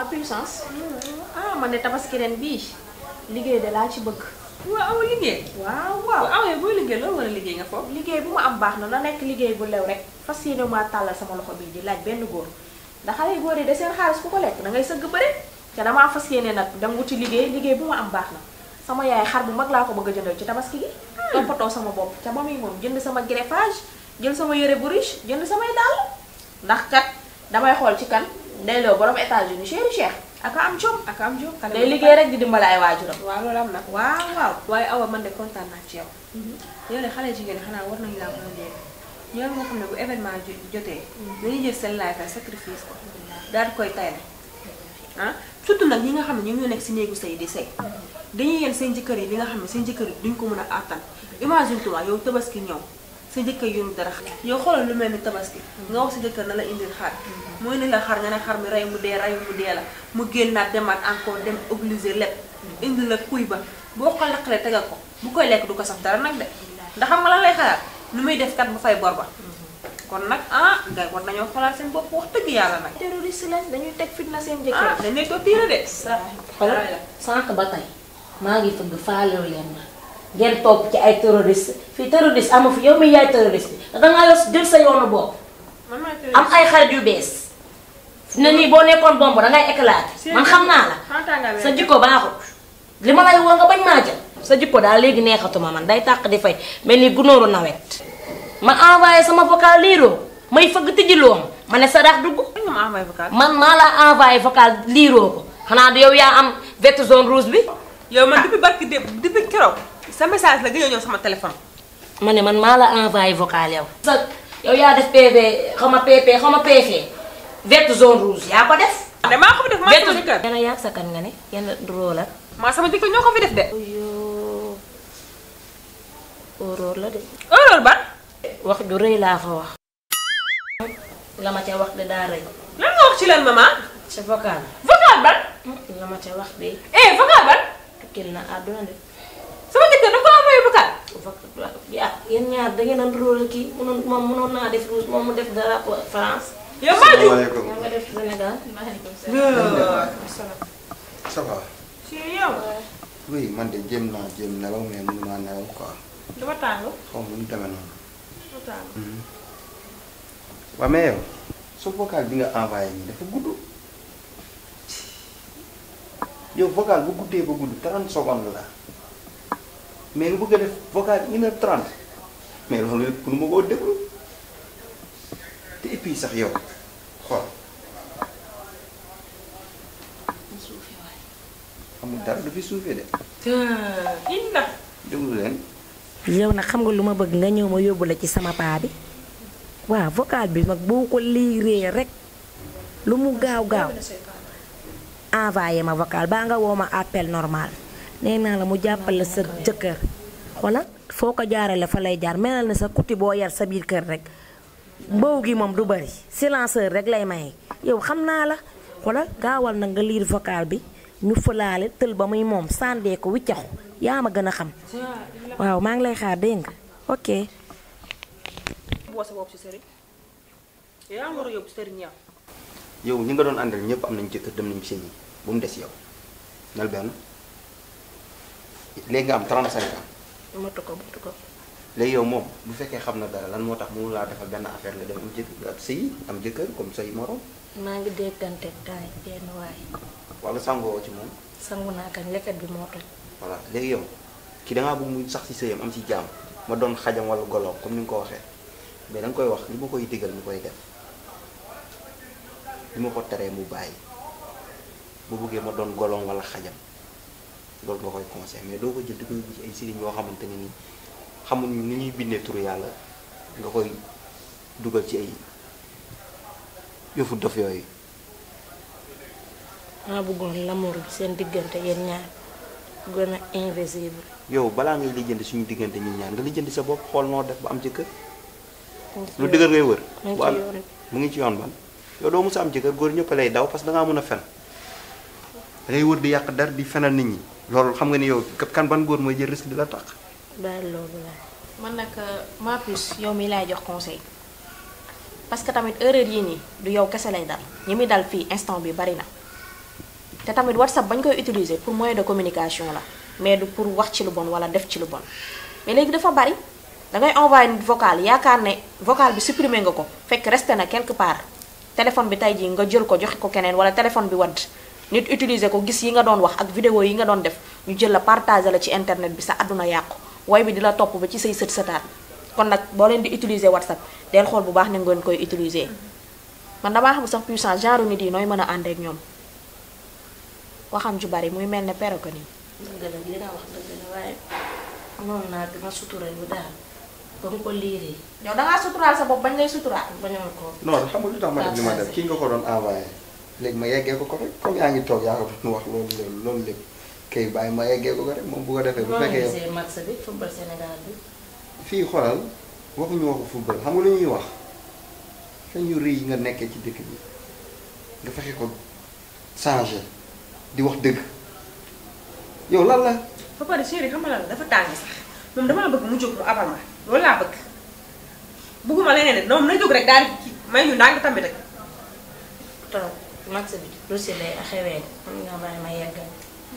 ma puissance mm-hmm. ah man de tabaski ren bii liggéey de laa ci bëgg waaw aw liggéey waaw waaw awee booy liggéey loolu wala liggéey nga foofu liggéey bu ma am baax na na nekk liggéey bu lew rek sama loxo bi di laaj benn góor ndax xale góor yi de seen xaalis ku ko lekk da ngay sëgg bëre te damaa fas liggéey liggéey bu ma am baax na sama yaay xar bu mag laa ko bëgg a jëndal ci tabaski gi sama bopp ca ba muy jënd sama greffage jël sama yére bu riche jënd samay dàll ndax kat damay ci kan Ndeylo borom États-Unis chéri Cheikh ak am jom ak am jom day liggéey rek di dimbali ay waajuram waaw loolu am na waaw waaw waaye awa man de kontaan naa ci yow mhm. yow de xale jigéen ñi xanaa war nañu laa a dégg ñoom moo xam ne événement jotee mhm. dañuy jël seen laay fa sacrifice ko mhm. daal di koy tayle ah surtout nag ñi nga xam ne ñu ñoo nekk si néegu sëy di sëy dañuy yéen seen jëkkër yi li nga xam ne seen jëkkër yi duñ ko mën a àttan imagine toi yow tabaski ñëw sa jëkkër yorul dara yow xoolal lu mel ni tabaski nga wax sa jëkkër na la indil xar mooy ne la xar nga ne xar mi rey mu dee rey mu dee la mu génn génnaat demaat encore dem obligé lépp indi la kuy ba boo ko laqalee tegal ko bu koy lekk du ko saf dara nag de ndax xam nga lan lay xalaat nu muy def kat ba fay bor kon nag ah gars war nañoo xoolaat seen bopp wax dëgg yàlla nag. terroriste lañ dañuy teg fitna seen jëkkër. ah dañ lay toog tiire de. sa xol sànq ba tey maa ngi fëgg faalewu leen ma. ngeen topp ci ay terroriste fii terroriste amu fi yow mi yaay terroriste bi da jël sa yoonu bopp. am ay xarit yu bees. ne nii boo nekkoon bomb da ngay éclater. man xam naa la sa jikko baaxul. li ma lay woo nga bañ maa jël. sa jikko daal léegi neexatuma man day tàq di fay mel nii gunóoru nawet. ma envoyé sama vocal liiroo may fëgg tijjiloo ma ma ne sa daax dugg. man maa laa envoyé vocal liiroo ko xanaa yow yaa am verte zone rouge bi. yow man depuis barki démb depuis keroog. sa message la nga ñëw sama téléphone. ma ne man maa la envoyé vocal yow. sa yow yaa def PV xaw ma PP xaw ma zone rouge yaa ko def. maa ko fi def maa ko fi def de. yoo la de. horreur ban. wax ju rëy laa fa wax. la ma ca wax de daa rëy. lan nga wax ci lan maman. ca vocal. vocal ban. Hmm, la ma ca wax de. eh vocal ban. tukkil na àdduna de. sama jëkkër dafa apa ay vocal vocal yaa yéen ada da ngeen rule rôle kii mënoon moom mënoon mau def rouge ke France ya Maju yow nga def Sénégal ça va si yow siapa man de jéem naa jéem nelaw mais mënu maa nelaw quoi dafa tàng xaw mu demee noonu dafa tàng waa mais yow sa vocal bi nga envoyé nii dafa gudd mais nga bëgg a def vocal une heure mais loolu ma koo déglu te et sax yow xool amul dara du fi suufee de. inna. Euh, déglu leen. yow nag xam nga lu ma bëgg nga ñëw ma yóbbu la ci sama paa bi waaw vocal bi mag boo ko liiree rek lu mu gaaw gaaw envoyé ma vocal baa nga woo ma appel normal. neena la mu jàppale sa jëkkeer kon foko jaarale fa lay jaar melal na sa kuti bo yar sa bir kër rek mbow gi mom du bari silenceur rek lay may yow xamna la xoolal gawal na nga lire vocal bi ñu fulaale teul ba muy mom sande ko wiccax yaama gëna xam waaw ma ngi lay xaar dégg nga ok yow ñi nga doon àndal ñëpp am nañ jëkkër dem nañ ci yi bu mu dess yow nal ben léegi am 35 ans. matu ko ko. léegi yow moom bu fekkee xam na dara lan moo tax mënu laa defal benn affaire la dem am jëkkër sëy am jëkkër comme say morom. maa ngi déggante taay benn waay. wala sangoo ci moom. sangu naa kañ lekkat bi moo toj. voilà léegi yow ki da ngaa bëgg muy sax si sëyam am si jaam ma doon xajam wala golo comme ni nga ko waxee mais da nga koy wax li ma koy digal mu koy def li ma ko teree mu bàyyi bu ma doon wala xajam loolu nga koy conseil mais doo ko jël di ko yóbbu ci ay sëriñ yoo xamante ne ni xamuñ ni ñuy bindee turu yàlla nga koy dugal ci ay yëfu dof yooyu. maa bëggoon l'amour bi seen diggante yéen ñaar gën a invisible. yow balaa ngay lijjanti suñu diggante ñun ñaar nga lijjanti sa bopp xool noo def ba am ci kër. lu dëgër ngay wër. mu ngi ci yoon ban yow doo mos a am ci kër góor ñëpp lay daw parce que da ngaa mën a fen. da wër di yàq dar di fenal nit ñi loolu xam nga ni yow kan ban goor moy jël risque di la ba daal la. man nak euh, ma plus yow mi lay jox conseil parce que tamit erreur yi ni du yow kese lay dal ñi mi dal fi instant bi bari na té tamit whatsapp bañ koy utiliser pour moyen de communication la mais du pour wax ci lu bon wala def ci lu bon mais légui dafa bari da ngay envoyer une vocal yakar ne vocal bi supprimer nga ko fekk resté na quelque part téléphone bi tay ji nga jël ko joxe ko keneen wala téléphone bi wad nit utiliser ko gis yi nga don wax ak vidéo yi nga don def ñu jël la partager la ci internet bi sa aduna yaq way bi dila top ba ci sey seut setat kon nak bo len di utiliser whatsapp del xol bu baax ne ngeen koy utiliser man dama xam sax puissance genre nit yi noy meuna ande ak ñom waxam ju bari muy melne ne perroquet ni dëgg la li wax dëgg la waaye non naa dama sutural bu daal ba ko liiree yow da ngaa suturaal sa bañ lay ko non ma def def nga ko léegi ma yeggee ko ko rek comme yaa ngi toog yaa ko doon wax loolu loolu lépp kay bàyyi ma yeggee ko ko rek moom bu ko defee. bu fekkee yow fii xoolal waxuñu waxu football xam nga lu ñuy wax fa nga nekkee ci dëkk bi nga fexe ko changer di wax dëgg yow lan la. ba pare chéri xam nga dafa tàng sax moom dama la bëgg mu jóg lu abal ma loolu laa bëgg bëgguma leneen de moom na jóg rek daal di may ñu ndànk tamit rek max bi lu si lay xewee mën nga bàyyi ma yeggal.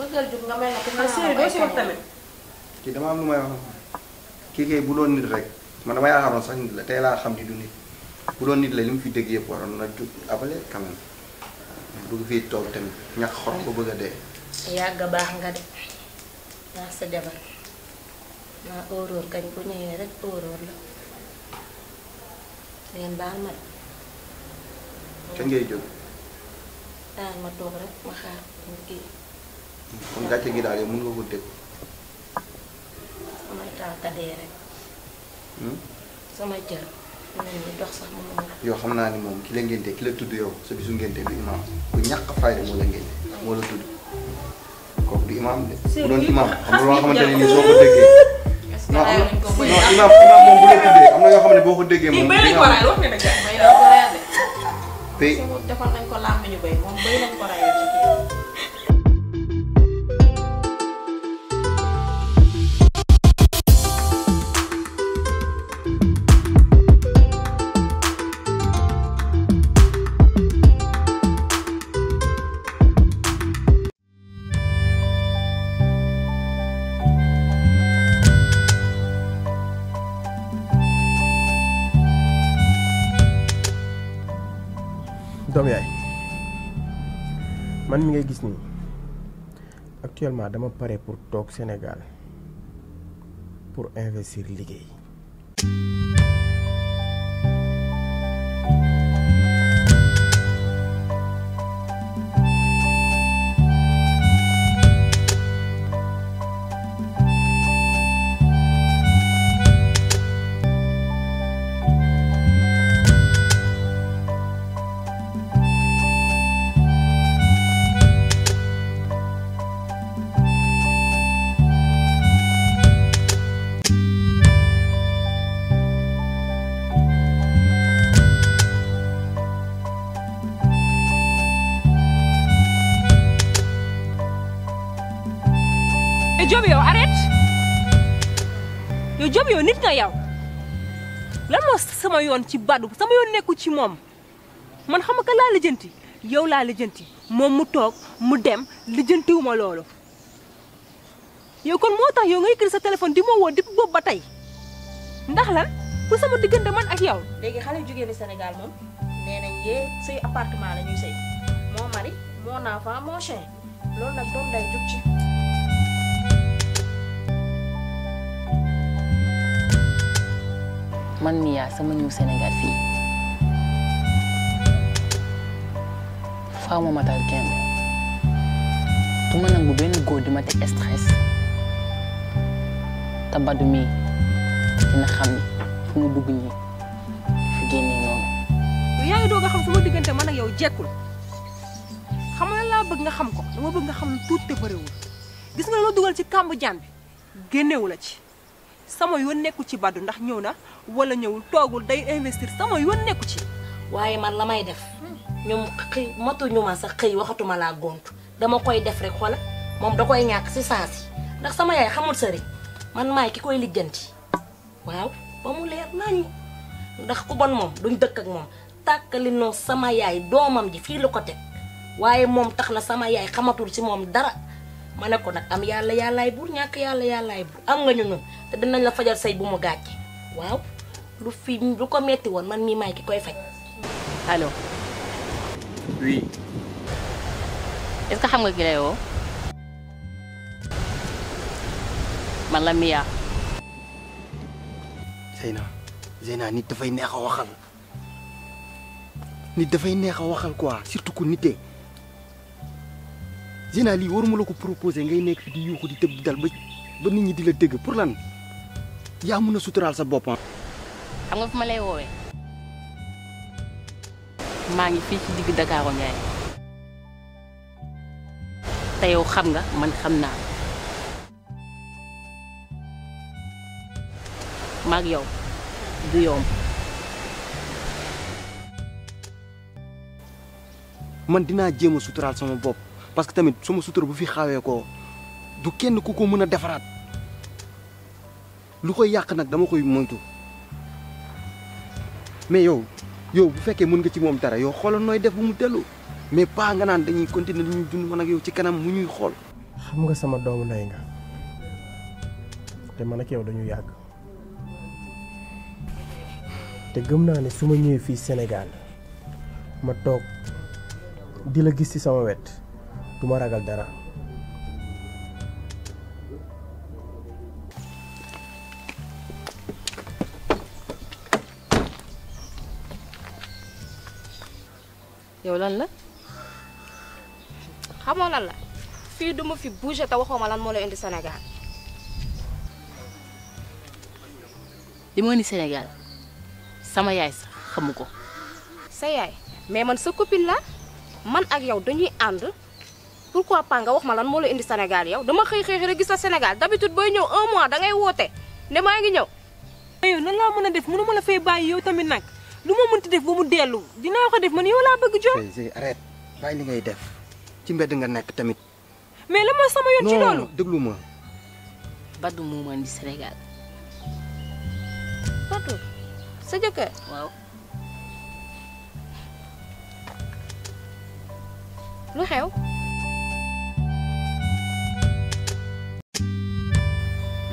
bëggal jub nga may la ko ah, nga wax tamit. kii dama am lu may wax kii kay bu doon nit rek man dama yaakaaroon sax nit la tey laa xam ni du nit bu doon nit la li mu fi dégg yëpp waroon na jub abale quand même fii toog tamit ñàkk xor ko bëgg a dee. yàgg baax nga de yaa sa jabar naa óoróor kañ bu ñëwee rek óoróor la ngeen baal ma. kañ ngay jóg. daal ah, ma toog rek ma xaar mu kii. kon gàcce gi daal yow mën nga ko dégg. samay taal hmm? kadee xam naa ni moom ki la ngénte ki la tudd yow sa bisu ngénte bi imaam ku ñàkk fayda moo la ngénte moo la tudd kooku du imaam de. bu doon ah, imaam moom bu la tuddee am na yoo xam ne boo ko déggee moom. te. defoon nañ ko làmmiñu béy moom béy lañ ko rayee doom yaay man mi ngay gis nii actuellement dama pare pour toog Sénégal pour investir liggéey. Diop yow arrête yow Diop yow nit nga yow lan moo sama yoon ci Badou sama yoon nekku ci moom man xam laa lijjanti yow laa lijjanti moom mu toog mu dem lijjantiwuma loolu yow kon moo tax yow ngay kër sa téléphone di ma woo di boobu ba tey ndax lan pour sama diggante man ak yow. léegi xale yu jigéen Sénégal moom nee nañ yee say appartement la moo mari moo naafaa moo chien loolu nag doom day jug man suis un sama ñu Sénégal fi faama matal kenn du ma nangu benn góor di stress te mii dina xam ni fu mu dugg ñi fu génnee noonu. yaa ngi doog a xam sama diggante man ak yow jekkul xam nga bëgg nga xam ko dama bëgg nga xam te bëriwul gis nga la la sama yoon nekku ci Badou ndax ñëw na wala ñëwul toogul day investir sama yoon nekku ci. waaye man la may def ñoom xëy matuñu ma sax xëy waxatuma laa gont dama koy def rek xoola moom da koy ñàkk si saa si ndax sama yaay xamul sëriñ man maay ki koy lijjanti waaw ba mu leer nañu ndax ku bon moom duñ dëkk ak moom tàkkali noo sama yaay doomam ji fii la ko teg waaye moom tax na sama yaay xamatul ci moom dara. ma ne ko nag am yàlla yàllaay buur ñàkk yàlla yàllaay buur am nga ñu ñun te dinañ la fajal say bu mu gàcce waaw lu fi lu ko metti woon man mii maay ki koy faj allo. oui. est-ce que xam nga ki la Mia. Zeyna Zeyna nit dafay neex a waxal nit dafay neex a waxal quoi surtout ku nitee. Zina lii waruma la ko proposé ngay nek fi di yuuxu di tëb dal ba ba nit ñi di la dégg pour lan ya. mën a suturaal sa bop ah. xam nga fuma lay wowe ma ngi fi ci digg dakaro ñay te yow xam nga man xam naa. maag yow du yom man dina jema sutural sama bop parce que tamit suma sutura bu fi xawé ko du kenn ku ko mëna défarat lu koy yak nak dama koy moytu mais yow yow bu fekkee mën nga ci mom dara yow xol noy def bu mu delu mais pa nga nan dañuy continuer dañuy dund man ak yow ci kanam mu ñuy xol xam nga sama doomu nay nga té man ak yow dañu yàgg té gëm na né suma ñëw fi Sénégal ma tok dila gis ci sama wet tuma ragal dara yow lan la xamoo lan la fii duma fi bouger te waxoo lan moo indi Sénégal li Sénégal sama yaay sax xamu sa yaay mais man sa copine la man ak yow dañuy pourquoi pas nga wax ma lan mo lay indi senegal yow dama xey xey rek gis la Sénégal d'habitude boy ñew un mois da ngay woté né ma ngi ñew ayo nan la mëna def mënu mëna fay bay yow tamit nak lu ma mënti def bu mu dellu dina ko def man yow la bëgg jom. Zé arrête bay li ngay def ci mbéd nga nek tamit. mais la mo sama yoon ci lolu non déglu ma. Badou moo ma indi senegal badu sa jëkkër waaw. lu xew.